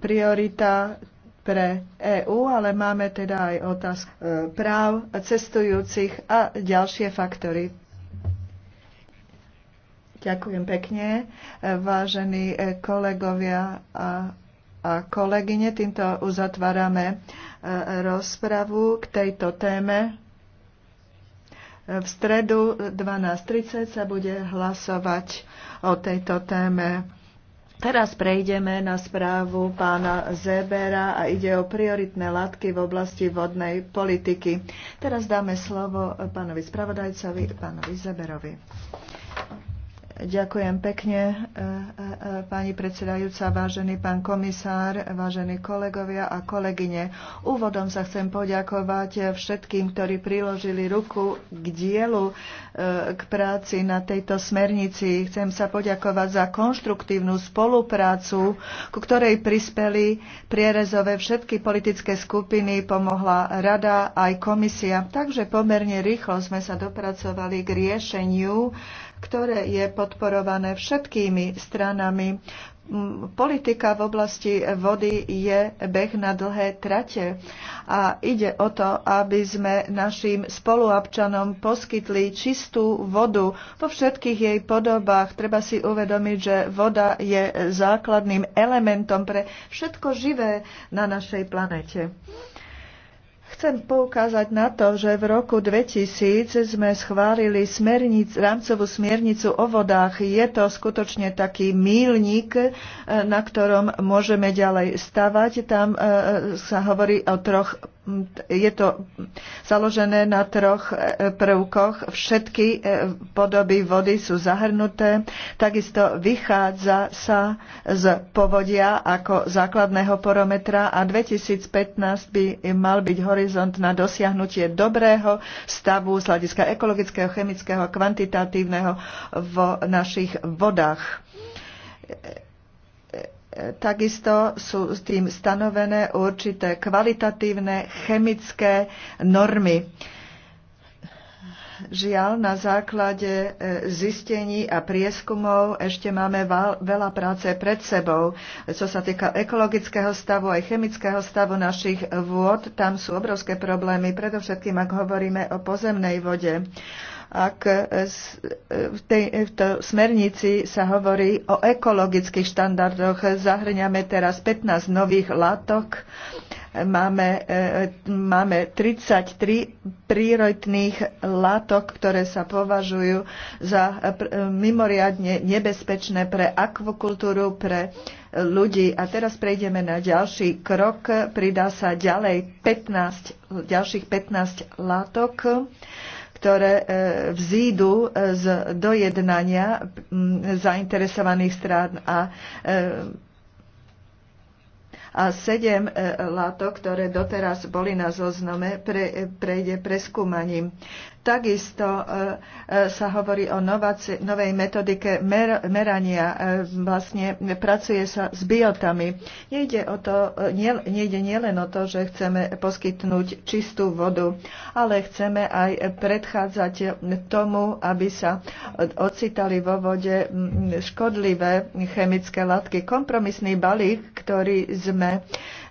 priorita pre EÚ, ale máme teda aj otázku e, práv cestujúcich a ďalšie faktory. Ďakujem pekne, e, vážení e, kolegovia a, a kolegyne. Týmto uzatvárame rozpravu k tejto téme. V stredu 12.30 sa bude hlasovať o tejto téme. Teraz prejdeme na správu pána Zebera a ide o prioritné látky v oblasti vodnej politiky. Teraz dáme slovo pánovi spravodajcovi, pánovi Zeberovi. Ďakujem pekne, e, e, e, pani predsedajúca, vážený pán komisár, vážení kolegovia a kolegyne. Úvodom sa chcem poďakovať všetkým, ktorí priložili ruku k dielu, k práci na tejto smernici. Chcem sa poďakovať za konštruktívnu spoluprácu, ku ktorej prispeli prierezové všetky politické skupiny, pomohla rada aj komisia. Takže pomerne rýchlo sme sa dopracovali k riešeniu ktoré je podporované všetkými stranami. Mm, politika v oblasti vody je beh na dlhé trate a ide o to, aby sme našim spoluobčanom poskytli čistú vodu vo všetkých jej podobách. Treba si uvedomiť, že voda je základným elementom pre všetko živé na našej planete. Chcem poukázať na to, že v roku 2000 sme schválili smernic, rámcovú smernicu o vodách. Je to skutočne taký mílnik, e, na ktorom môžeme ďalej stavať. Tam e, e, sa hovorí o troch je to založené na troch prvkoch. Všetky podoby vody sú zahrnuté. Takisto vychádza sa z povodia ako základného porometra a 2015 by mal byť horizont horizont na dosiahnutie dobrého stavu z hľadiska ekologického, chemického a kvantitatívneho v našich vodách. Takisto sú s tým stanovené určité kvalitatívne chemické normy Žiaľ, na základe e, zistení a prieskumov ešte máme veľa práce pred sebou. Čo sa týka ekologického stavu aj chemického stavu našich vôd, tam sú obrovské problémy, predovšetkým ak hovoríme o pozemnej vode ak e, e, v, tej, v to smernici sa hovorí o ekologických štandardoch. Zahrňame teraz 15 nových látok Máme, e, máme 33 prírodných látok, ktoré sa považujú za e, e, mimoriadne nebezpečné pre akvakultúru, pre ľudí. A teraz prejdeme na ďalší krok. Pridá sa ďalej 15, ďalších 15 látok ktoré vzídu z dojednania zainteresovaných strán a a sedem e, látok, ktoré doteraz boli na zozname, e, prejde preskúmaním. Takisto e, e, sa hovorí o novej metodike merania. E, vlastne pracuje sa s biotami. Nejde, o to, nejde nielen o to, že chceme poskytnúť čistú vodu, ale chceme aj predchádzať tomu, aby sa ocitali vo vode škodlivé chemické látky. Kompromisný balík, ktorý sme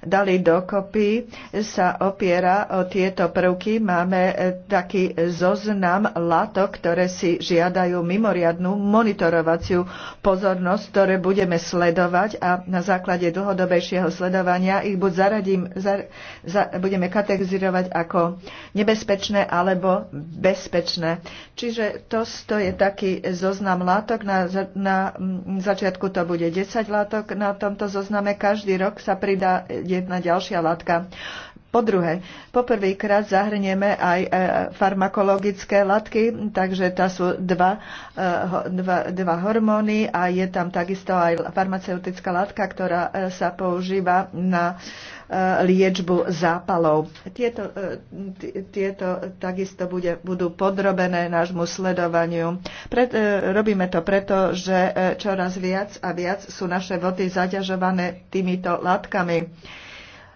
dali dokopy, sa opiera o tieto prvky. Máme e, taký zoznam látok, ktoré si žiadajú mimoriadnú monitorovaciu pozornosť, ktoré budeme sledovať a na základe dlhodobejšieho sledovania ich buď zaradím, za, za, budeme kategorizovať ako nebezpečné alebo bezpečné. Čiže to, to je taký zoznam látok. Na, na začiatku to bude 10 látok na tomto zozname. Každý rok sa pridá jedna ďalšia látka. Po druhé, poprvýkrát zahrnieme aj e, farmakologické látky, takže tá sú dva, e, dva, dva hormóny a je tam takisto aj farmaceutická látka, ktorá e, sa používa na liečbu zápalov. Tieto, tieto takisto bude, budú podrobené nášmu sledovaniu. Pre, robíme to preto, že čoraz viac a viac sú naše vody zaťažované týmito látkami.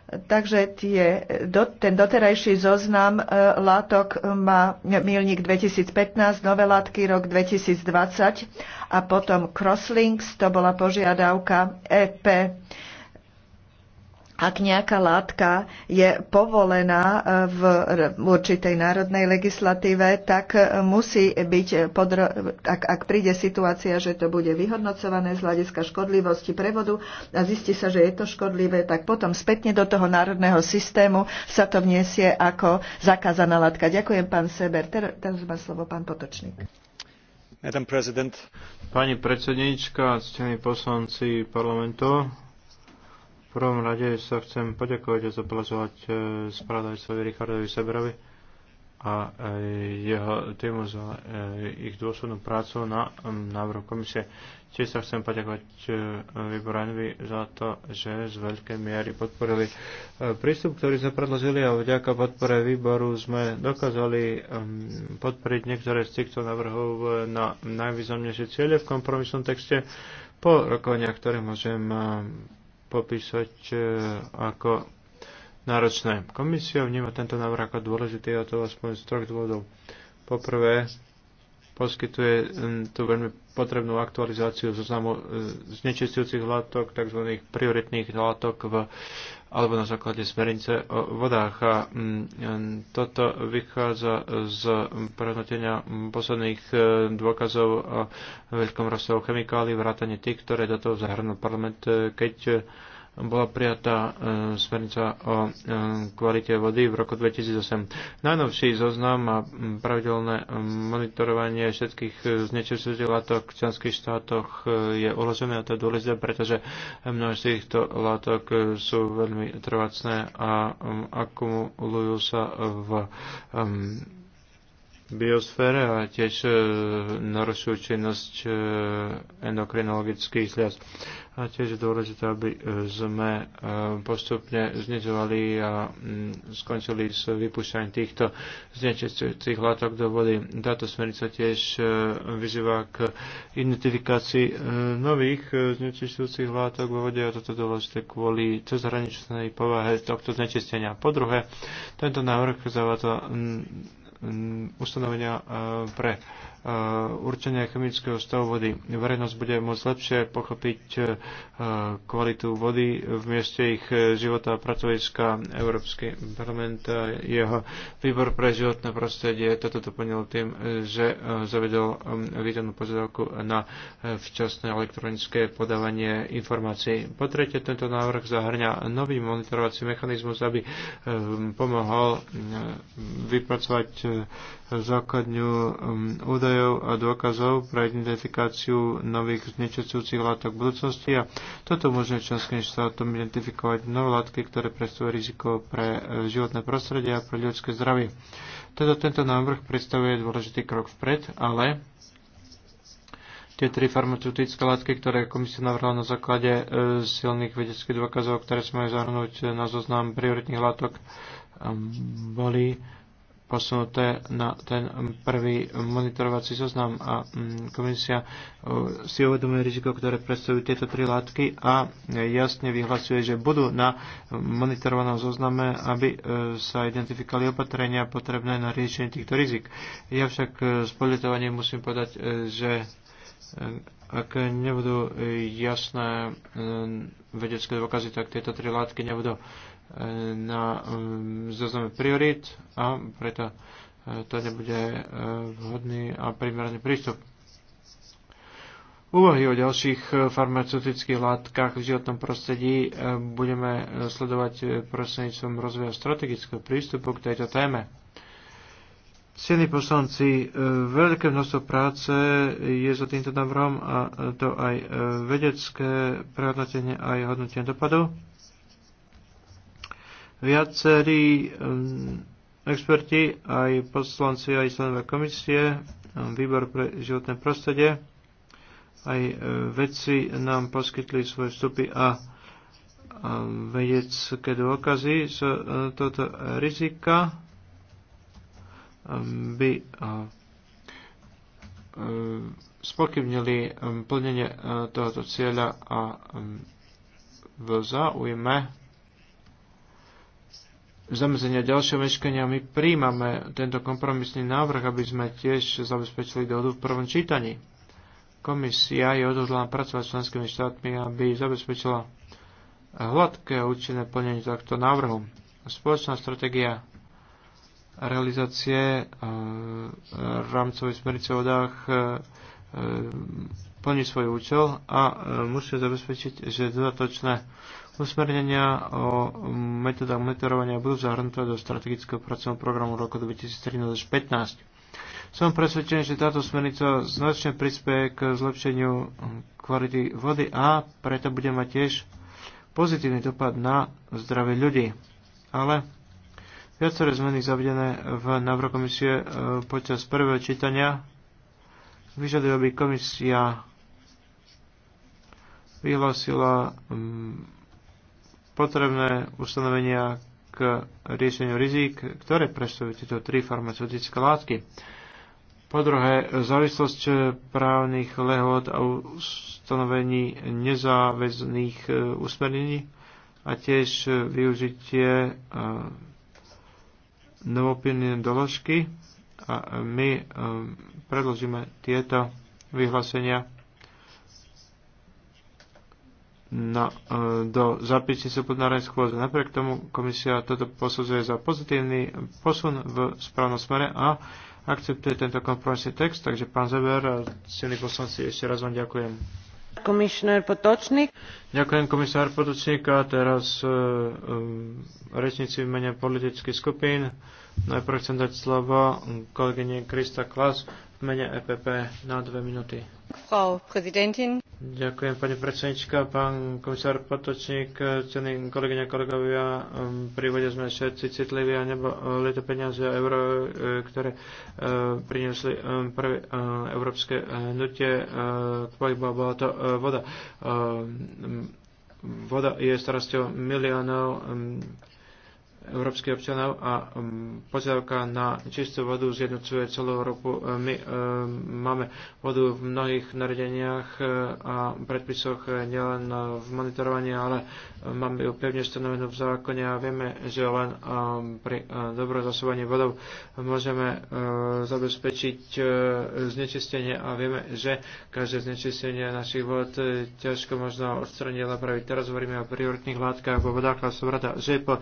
Takže tie, do, ten doterajší zoznam e, látok má milník 2015, nové látky rok 2020 a potom crosslinks, to bola požiadavka EP ak nejaká látka je povolená e, v určitej národnej legislatíve, tak e, musí byť, podro- ak, ak príde situácia, že to bude vyhodnocované z hľadiska škodlivosti prevodu a zistí sa, že je to škodlivé, tak potom spätne do toho národného systému sa to vniesie ako zakázaná látka. Ďakujem, pán Seber. teraz má slovo pán Potočník. Pani predsedníčka, ctení poslanci parlamentu, prvom rade sa chcem poďakovať a zablažovať e, spravodajcovi Richardovi Sebrovi a e, jeho týmu za e, ich dôslednú prácu na návrhu komisie. Tiež sa chcem poďakovať Výboranovi za to, že z veľkej miery podporili prístup, ktorý sme predložili a vďaka podpore výboru sme dokázali podporiť niektoré z týchto návrhov na najvýznamnejšie ciele v kompromisnom texte po rokovaniach, ktoré môžem popísať e, ako náročné. Komisia vníma tento návrh ako dôležitý a to aspoň z troch dôvodov. Poprvé, poskytuje e, tú veľmi potrebnú aktualizáciu zoznamu e, znečistujúcich látok, tzv. prioritných látok v alebo na základe smernice o vodách. A mm, toto vychádza z prehodnotenia posledných e, dôkazov o veľkom rozsahu chemikálií, vrátane tých, ktoré do toho zahrnul parlament, e, keď e, bola prijatá e, smernica o e, kvalite vody v roku 2008. Najnovší zoznam a pravidelné monitorovanie všetkých e, znečistujúcich látok v členských štátoch e, je uložené a to je dôležité, pretože mnohé z týchto látok e, sú veľmi trvácne a akumulujú sa v um, biosfére a tiež e, narušujú činnosť e, endokrinologických hľad. A tiež je dôležité, aby e, sme e, postupne znižovali a m, mm, skončili s vypúšťaním týchto znečistujúcich látok do vody. Táto smernica tiež e, vyzýva k identifikácii e, nových e, znečistujúcich látok vo vode a toto je dôležité kvôli cezhraničnej povahe tohto znečistenia. Po druhé, tento návrh zavádza mm, Mm, ustanovenia e, pre určenia chemického stavu vody. Verejnosť bude môcť lepšie pochopiť kvalitu vody v mieste ich e, života a pracoviska. Európsky parlament a jeho výbor pre životné prostredie toto doplnil tým, e, že e, zavedol výdenú požiadavku na včasné elektronické podávanie informácií. Po tretie, tento návrh zahrňa nový monitorovací mechanizmus, aby pomohol vypracovať základňu um, údajov a dôkazov pre identifikáciu nových znečistujúcich látok v budúcnosti a toto môže členským štátom identifikovať nové látky, ktoré predstavujú riziko pre eh, životné prostredie a pre ľudské zdravie. Teda tento návrh predstavuje dôležitý krok vpred, ale tie tri farmaceutické látky, ktoré komisia navrhla na základe eh, silných vedeckých dôkazov, ktoré sme majú zahrnúť na zoznam prioritných látok, ehm, boli posunuté na ten prvý monitorovací zoznam a mm, komisia e, si uvedomuje riziko, ktoré predstavujú tieto tri látky a jasne vyhlasuje, že budú na monitorovanom zozname, aby e, sa identifikali opatrenia potrebné na riešenie týchto rizik. Ja však e, s politovaním musím povedať, že ak nebudú jasné vedecké dôkazy, tak tieto tri látky nebudú na um, zozname priorit a preto uh, to nebude uh, vhodný a primerný prístup. Úvahy o ďalších uh, farmaceutických látkach v životnom prostredí budeme sledovať prostredníctvom rozvoja strategického prístupu k tejto téme. Silní poslanci, veľké množstvo práce je za týmto návrhom a to aj vedecké prehodnotenie, aj hodnotenie dopadov. Viacerí mm, experti, aj poslanci, aj členové komisie, mm, výbor pre životné prostredie, aj e, vedci nám poskytli svoje vstupy a vedecké dôkazy z e, tohto rizika by e, spokybnili plnenie tohoto cieľa a v záujme zamezenia ďalšieho meškania my príjmame tento kompromisný návrh, aby sme tiež zabezpečili dohodu v prvom čítaní. Komisia je odhodlána pracovať s členskými štátmi, aby zabezpečila hladké a účinné plnenie tohto návrhu. Spoločná stratégia realizácie e, rámcovej smernice o dách e, e, plní svoj účel a e, musí zabezpečiť, že dodatočné Usmernenia o mm, metodách monitorovania budú zahrnuté do strategického pracovného programu roku 2013-2015. Som presvedčený, že táto smernica značne prispieje k zlepšeniu hm, kvality vody a preto bude mať tiež pozitívny dopad na zdravie ľudí. Ale viaceré zmeny zavedené v návrhu komisie e, počas prvého čítania vyžaduje, aby komisia vyhlásila hm, potrebné ustanovenia k riešeniu rizík, ktoré predstavujú tieto tri farmaceutické látky. Po druhé, závislosť právnych lehod a ustanovení nezáväzných e, usmernení a tiež využitie e, novopilné doložky a my e, predložíme tieto vyhlásenia na, e, do zápisnice plenárnej schôdze. Napriek tomu komisia toto posudzuje za pozitívny posun v správnom smere a akceptuje tento kompromisný text. Takže pán Zeber a silní poslanci, ešte raz vám ďakujem. Komisár Potočník. Ďakujem komisár Potočník a teraz um, rečníci v mene politických skupín. Najprv chcem dať slovo kolegyne Krista Klas v mene EPP na dve minúty. Ďakujem, pani predsednička, pán komisár Potočník, ceny kolegyňa, kolegovia. Um, pri vode sme všetci citliví a nebo uh, to peniaze a euro, uh, ktoré uh, priniesli um, prvé európske hnutie k pohybu, bola to voda. Voda je starosťou miliónov um, európskych občanov a um, požiadavka na čistú vodu zjednocuje celú Európu. E, my e, máme vodu v mnohých nariadeniach e, a predpisoch nielen v monitorovaní, ale máme ju pevne stanovenú v zákone a vieme, že len pri dobrom zasúvaní vodou môžeme zabezpečiť znečistenie a vieme, že každé znečistenie našich vod ťažko možno odstraniť a napraviť. Teraz hovoríme o prioritných látkach vo vodách a som rada, že po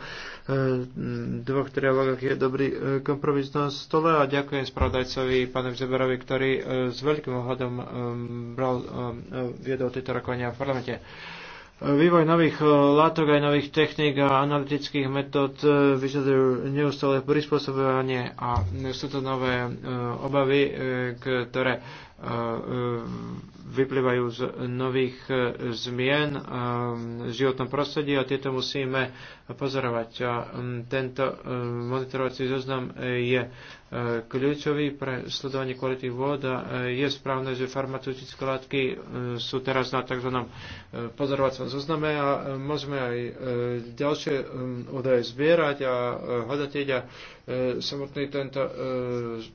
dvoch trialógoch je dobrý e, kompromis na stole a ďakujem spravodajcovi pánovi Zeberovi, ktorý e, s veľkým ohľadom e, bral, viedol tieto rokovania v parlamente. Vývoj nových látok aj nových techník a analytických metód vyžadujú neustále prispôsobovanie a sú to nové obavy, ktoré E, vyplývajú z nových e, zmien v životnom prostredí a tieto musíme pozorovať. A tento e, monitorovací zoznam je kľúčový pre sledovanie kvality vôd a je správne, že farmaceutické látky sú teraz na tzv. pozorovacom zozname a môžeme aj ďalšie údaje zbierať a hodnotiť a E, samotný tento e,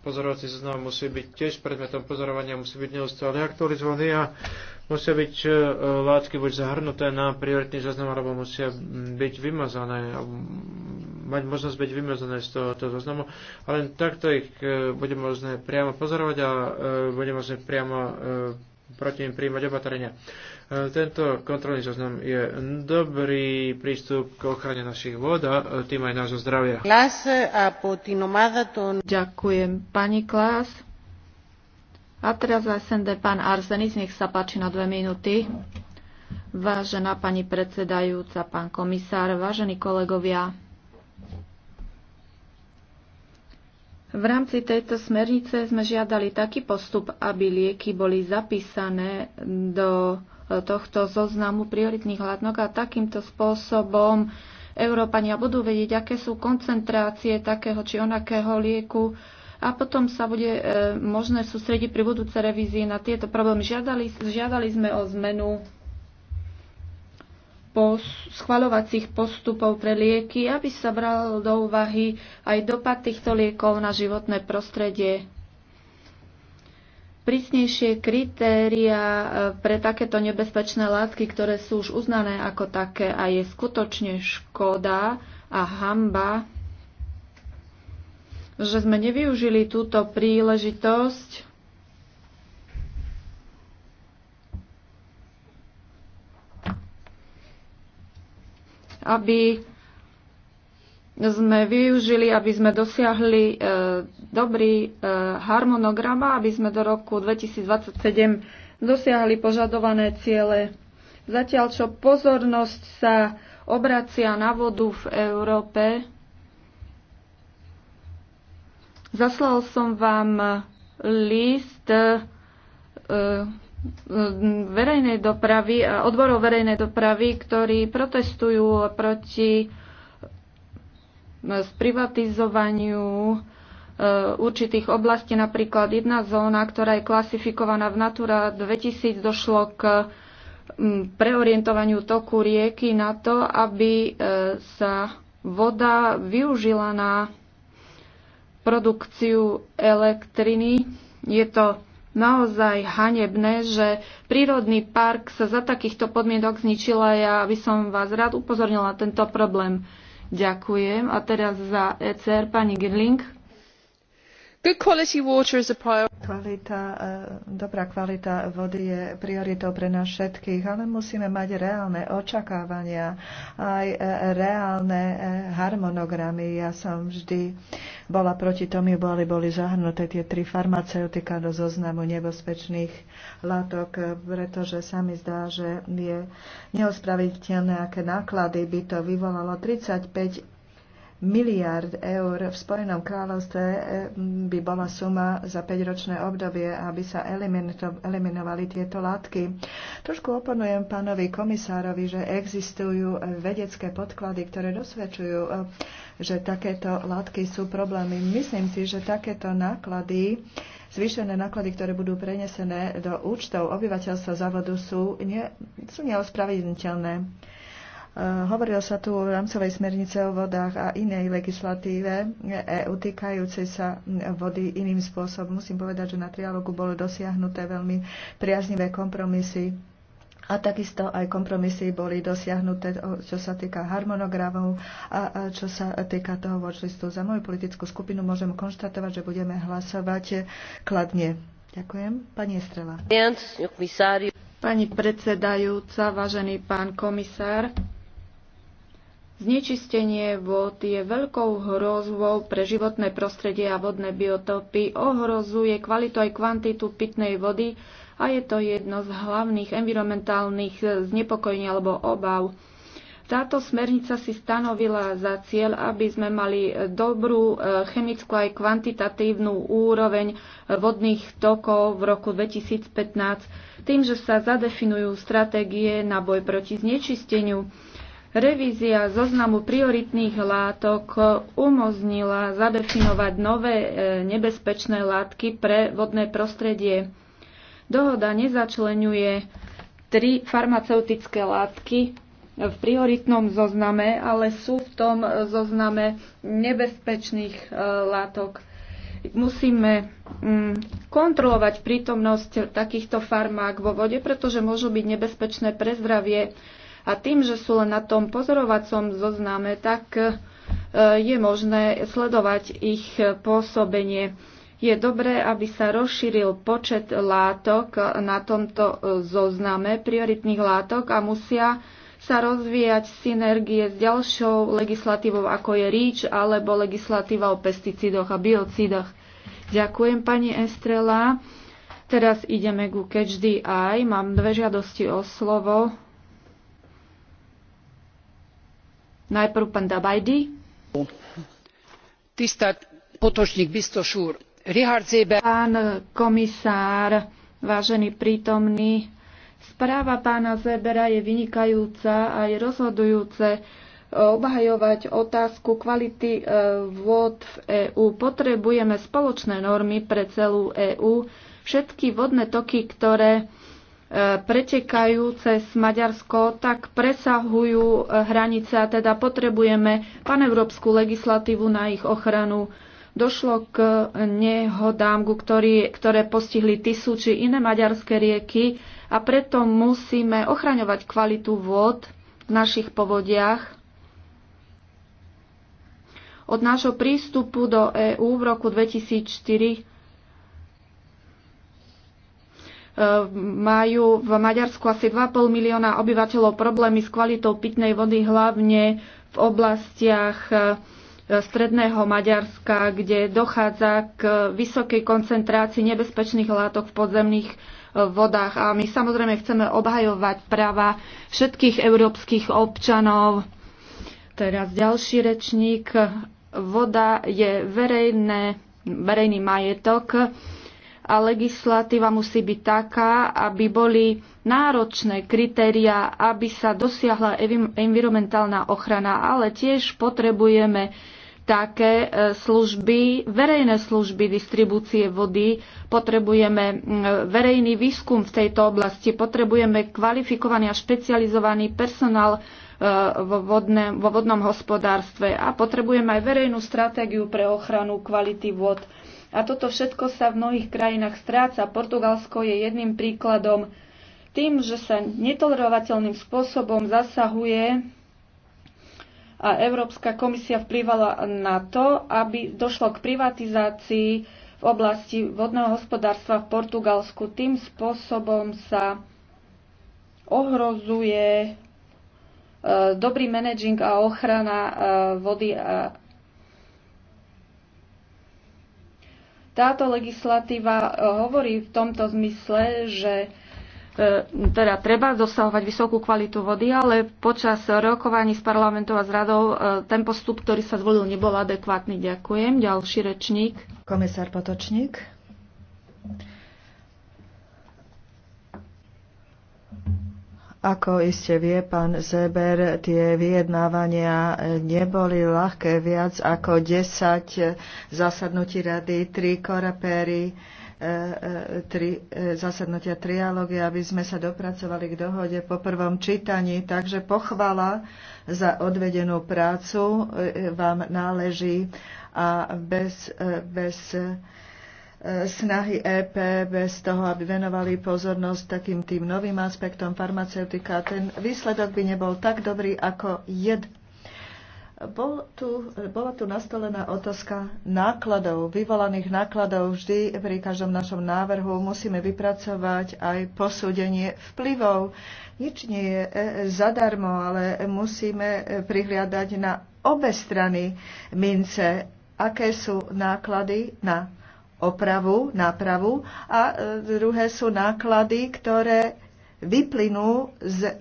pozorovací zoznam musí byť tiež predmetom pozorovania, musí byť neustále aktualizovaný a musia byť e, látky buď zahrnuté na prioritný zoznam, alebo musia byť vymazané, mať možnosť byť vymazané z tohoto zoznamu. A len takto ich bude možné priamo pozorovať a bude možné priamo proti nim príjmať opatrenia. Tento kontrolný zoznam je dobrý prístup k ochrane našich vôd a tým aj nášho zdravia. Eh, Ďakujem, pani Klás. A teraz SND pán Arzenis, nech sa páči na dve minúty. Vážená pani predsedajúca, pán komisár, vážení kolegovia, V rámci tejto smernice sme žiadali taký postup, aby lieky boli zapísané do tohto zoznamu prioritných látok a takýmto spôsobom Európania budú vedieť, aké sú koncentrácie takého či onakého lieku a potom sa bude e, možné sústrediť pri budúcej revízii na tieto problémy. Žiadali, žiadali sme o zmenu po schvaľovacích postupov pre lieky, aby sa bral do úvahy aj dopad týchto liekov na životné prostredie prísnejšie kritéria e, pre takéto nebezpečné látky, ktoré sú už uznané ako také a je skutočne škoda a hamba, že sme nevyužili túto príležitosť aby sme využili, aby sme dosiahli e, dobrý e, harmonogram a aby sme do roku 2027 dosiahli požadované ciele. Zatiaľ, čo pozornosť sa obracia na vodu v Európe, zaslal som vám list e, verejnej dopravy a odborov verejnej dopravy, ktorí protestujú proti sprivatizovaniu eh, určitých oblastí, napríklad jedna zóna, ktorá je klasifikovaná v Natura 2000, došlo k mm, preorientovaniu toku rieky na to, aby eh, sa voda využila na produkciu elektriny. Je to naozaj hanebné, že prírodný park sa za takýchto podmienok zničila. Ja by som vás rád upozornila na tento problém. Ďakujem. A teraz za ECR pani Girling. Good quality water is a priority kvalita, e, dobrá kvalita vody je prioritou pre nás všetkých, ale musíme mať reálne očakávania, aj e, reálne e, harmonogramy. Ja som vždy bola proti tomu, boli, boli zahrnuté tie tri farmaceutika do zoznamu nebezpečných látok, pretože sa mi zdá, že je neospraviteľné, aké náklady by to vyvolalo 35 miliard eur v Spojenom kráľovstve eh, by bola suma za 5-ročné obdobie, aby sa eliminovali tieto látky. Trošku oponujem pánovi komisárovi, že existujú vedecké podklady, ktoré dosvedčujú, eh, že takéto látky sú problémy. Myslím si, že takéto náklady zvýšené náklady, ktoré budú prenesené do účtov obyvateľstva závodu sú, nie, sú neospravedlniteľné. Eh, hovorilo sa tu o rámcovej smernice o vodách a inej legislatíve EU týkajúcej sa mm, vody iným spôsobom. Musím povedať, že na trialogu bolo dosiahnuté veľmi priaznivé kompromisy a takisto aj kompromisy boli dosiahnuté, čo sa týka harmonogramov a čo sa týka toho vočlistu. Za moju politickú skupinu môžem konštatovať, že budeme hlasovať kladne. Ďakujem. Pani Estrela. Pani predsedajúca, vážený pán komisár, Znečistenie vod je veľkou hrozbou pre životné prostredie a vodné biotopy, ohrozuje kvalitu aj kvantitu pitnej vody a je to jedno z hlavných environmentálnych znepokojení alebo obav. Táto smernica si stanovila za cieľ, aby sme mali dobrú e, chemickú aj kvantitatívnu úroveň vodných tokov v roku 2015, tým, že sa zadefinujú stratégie na boj proti znečisteniu Revízia zoznamu prioritných látok umožnila zadefinovať nové e, nebezpečné látky pre vodné prostredie. Dohoda nezačlenuje tri farmaceutické látky v prioritnom zozname, ale sú v tom zozname nebezpečných e, látok. Musíme mm, kontrolovať prítomnosť takýchto farmák vo vode, pretože môžu byť nebezpečné pre zdravie a tým, že sú len na tom pozorovacom zozname, tak e, je možné sledovať ich pôsobenie. Je dobré, aby sa rozšíril počet látok na tomto e, zozname prioritných látok a musia sa rozvíjať synergie s ďalšou legislatívou, ako je REACH alebo legislatíva o pesticidoch a biocidoch. Ďakujem, pani Estrela. Teraz ideme ku Catch the Eye. Mám dve žiadosti o slovo. Najprv pán Pán komisár, vážený prítomný, správa pána Zebera je vynikajúca a je rozhodujúce e, obhajovať otázku kvality e, vôd v EÚ. Potrebujeme spoločné normy pre celú EÚ. Všetky vodné toky, ktoré pretekajú cez Maďarsko, tak presahujú eh, hranice a teda potrebujeme paneurópsku legislatívu na ich ochranu. Došlo k eh, nehodám, ktorý, ktoré postihli Tisu či iné maďarské rieky a preto musíme ochraňovať kvalitu vôd v našich povodiach. Od nášho prístupu do EÚ v roku 2004 majú v Maďarsku asi 2,5 milióna obyvateľov problémy s kvalitou pitnej vody, hlavne v oblastiach e, stredného Maďarska, kde dochádza k vysokej koncentrácii nebezpečných látok v podzemných e, vodách. A my samozrejme chceme obhajovať práva všetkých európskych občanov. Teraz ďalší rečník. Voda je verejné, verejný majetok a legislatíva musí byť taká, aby boli náročné kritéria, aby sa dosiahla environmentálna ochrana, ale tiež potrebujeme také e, služby, verejné služby distribúcie vody, potrebujeme verejný výskum v tejto oblasti, potrebujeme kvalifikovaný a špecializovaný personál e, vo, vodne, vo vodnom hospodárstve a potrebujeme aj verejnú stratégiu pre ochranu kvality vod. A toto všetko sa v mnohých krajinách stráca. Portugalsko je jedným príkladom tým, že sa netolerovateľným spôsobom zasahuje a Európska komisia vplyvala na to, aby došlo k privatizácii v oblasti vodného hospodárstva v Portugalsku. Tým spôsobom sa ohrozuje e, dobrý managing a ochrana e, vody a Táto legislatíva e, hovorí v tomto zmysle, že e, teda treba dosahovať vysokú kvalitu vody, ale počas rokovaní s parlamentom a s radou e, ten postup, ktorý sa zvolil, nebol adekvátny. Ďakujem. Ďalší rečník. Komisár Potočník. Ako iste vie pán Zeber, tie vyjednávania neboli ľahké viac ako 10 zasadnutí rady, 3 korapéry, tri, e, e, e, zasadnutia trialógy, aby sme sa dopracovali k dohode po prvom čítaní. Takže pochvala za odvedenú prácu vám náleží a bez, bez E, snahy EP bez toho, aby venovali pozornosť takým tým novým aspektom farmaceutika, ten výsledok by nebol tak dobrý ako jed. Bol tu, bola tu nastolená otázka nákladov, vyvolaných nákladov. Vždy pri každom našom návrhu musíme vypracovať aj posúdenie vplyvov. Nič nie je e, zadarmo, ale musíme e, prihliadať na obe strany mince, aké sú náklady na opravu, nápravu a e, druhé sú náklady, ktoré vyplynú z,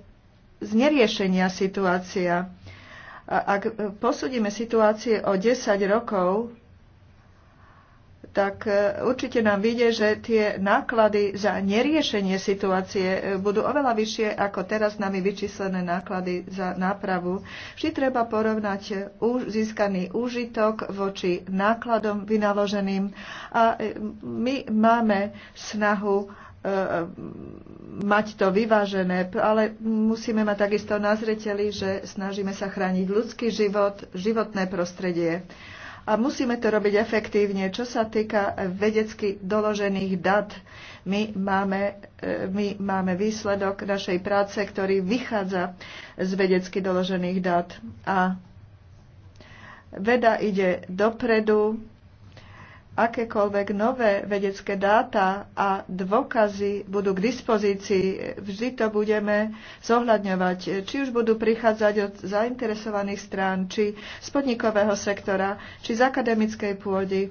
z neriešenia situácia. Ak e, posúdime situácie o 10 rokov, tak e, určite nám vyjde, že tie náklady za neriešenie situácie e, budú oveľa vyššie ako teraz nami vyčíslené náklady za nápravu. Vždy treba porovnať e, získaný úžitok voči nákladom vynaloženým a my máme snahu mať to vyvážené, ale musíme mať takisto na že snažíme sa chrániť ľudský život, životné prostredie a musíme to robiť efektívne. Čo sa týka vedecky doložených dát, my máme, e, my máme výsledok našej práce, ktorý vychádza z vedecky doložených dát. A veda ide dopredu, akékoľvek nové vedecké dáta a dôkazy budú k dispozícii, vždy to budeme zohľadňovať. Či už budú prichádzať od zainteresovaných strán, či z podnikového sektora, či z akademickej pôdy.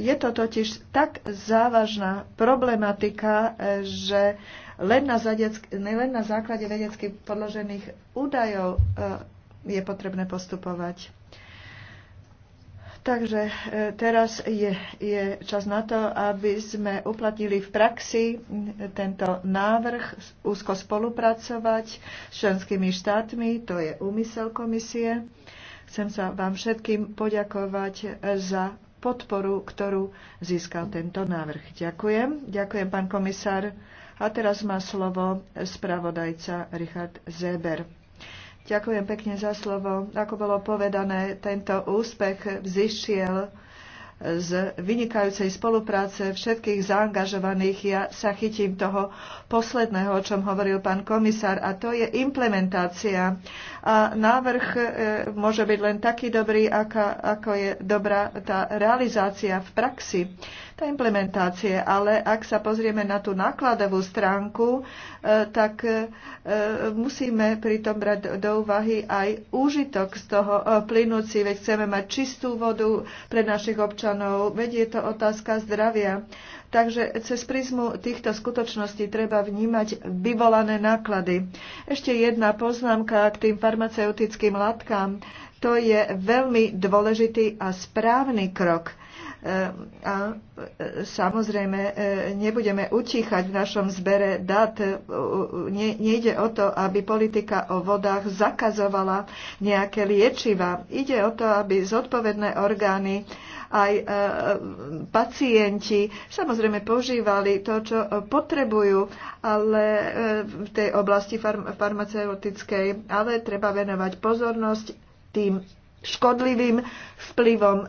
Je to totiž tak závažná problematika, že len na, zadeck, len na základe vedecky podložených údajov eh, je potrebné postupovať. Takže e, teraz je, je čas na to, aby sme uplatnili v praxi e, tento návrh, úzko spolupracovať s členskými štátmi, to je úmysel komisie. Chcem sa vám všetkým poďakovať e, za podporu, ktorú získal tento návrh. Ďakujem. Ďakujem, pán komisár. A teraz má slovo spravodajca Richard Zeber. Ďakujem pekne za slovo. Ako bolo povedané, tento úspech vzýšiel z vynikajúcej spolupráce všetkých zaangažovaných. Ja sa chytím toho posledného, o čom hovoril pán komisár, a to je implementácia. A návrh e, môže byť len taký dobrý, ako je dobrá tá realizácia v praxi tá implementácie. Ale ak sa pozrieme na tú nákladovú stránku, e, tak e, musíme pritom brať do úvahy aj úžitok z toho e, plynúci, veď chceme mať čistú vodu pre našich občanov, veď je to otázka zdravia. Takže cez prízmu týchto skutočností treba vnímať vyvolané náklady. Ešte jedna poznámka k tým farmaceutickým látkám. To je veľmi dôležitý a správny krok a e, samozrejme e, nebudeme utíchať v našom zbere dát. E, nejde o to, aby politika o vodách zakazovala nejaké liečiva. Ide o to, aby zodpovedné orgány aj pacienti samozrejme požívali to, čo potrebujú, ale v tej oblasti farmaceutickej, ale treba venovať pozornosť tým škodlivým vplyvom e, e,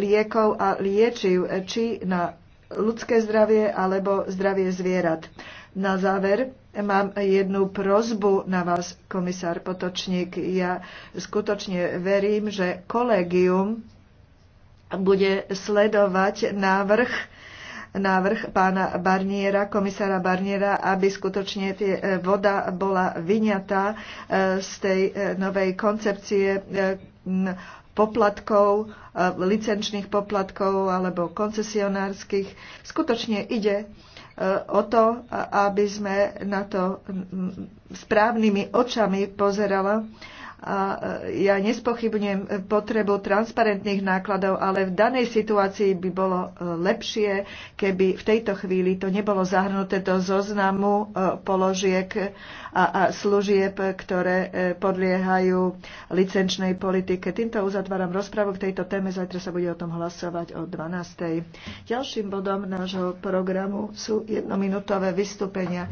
liekov a liečiv, e, či na ľudské zdravie alebo zdravie zvierat. Na záver mám jednu prozbu na vás, komisár Potočník. Ja skutočne verím, že kolegium bude sledovať návrh návrh pána Barniera, komisára Barniera, aby skutočne tie voda bola vyňatá z tej novej koncepcie poplatkov, e, licenčných poplatkov alebo koncesionárskych. Skutočne ide e, o to, aby sme na to správnymi očami pozerala a e, ja nespochybnem potrebu transparentných nákladov, ale v danej situácii by bolo e, lepšie, keby v tejto chvíli to nebolo zahrnuté do zoznamu e, položiek a, služieb, ktoré podliehajú licenčnej politike. Týmto uzatváram rozprávu k tejto téme. Zajtra sa bude o tom hlasovať o 12. Ďalším bodom nášho programu sú jednominútové vystúpenia.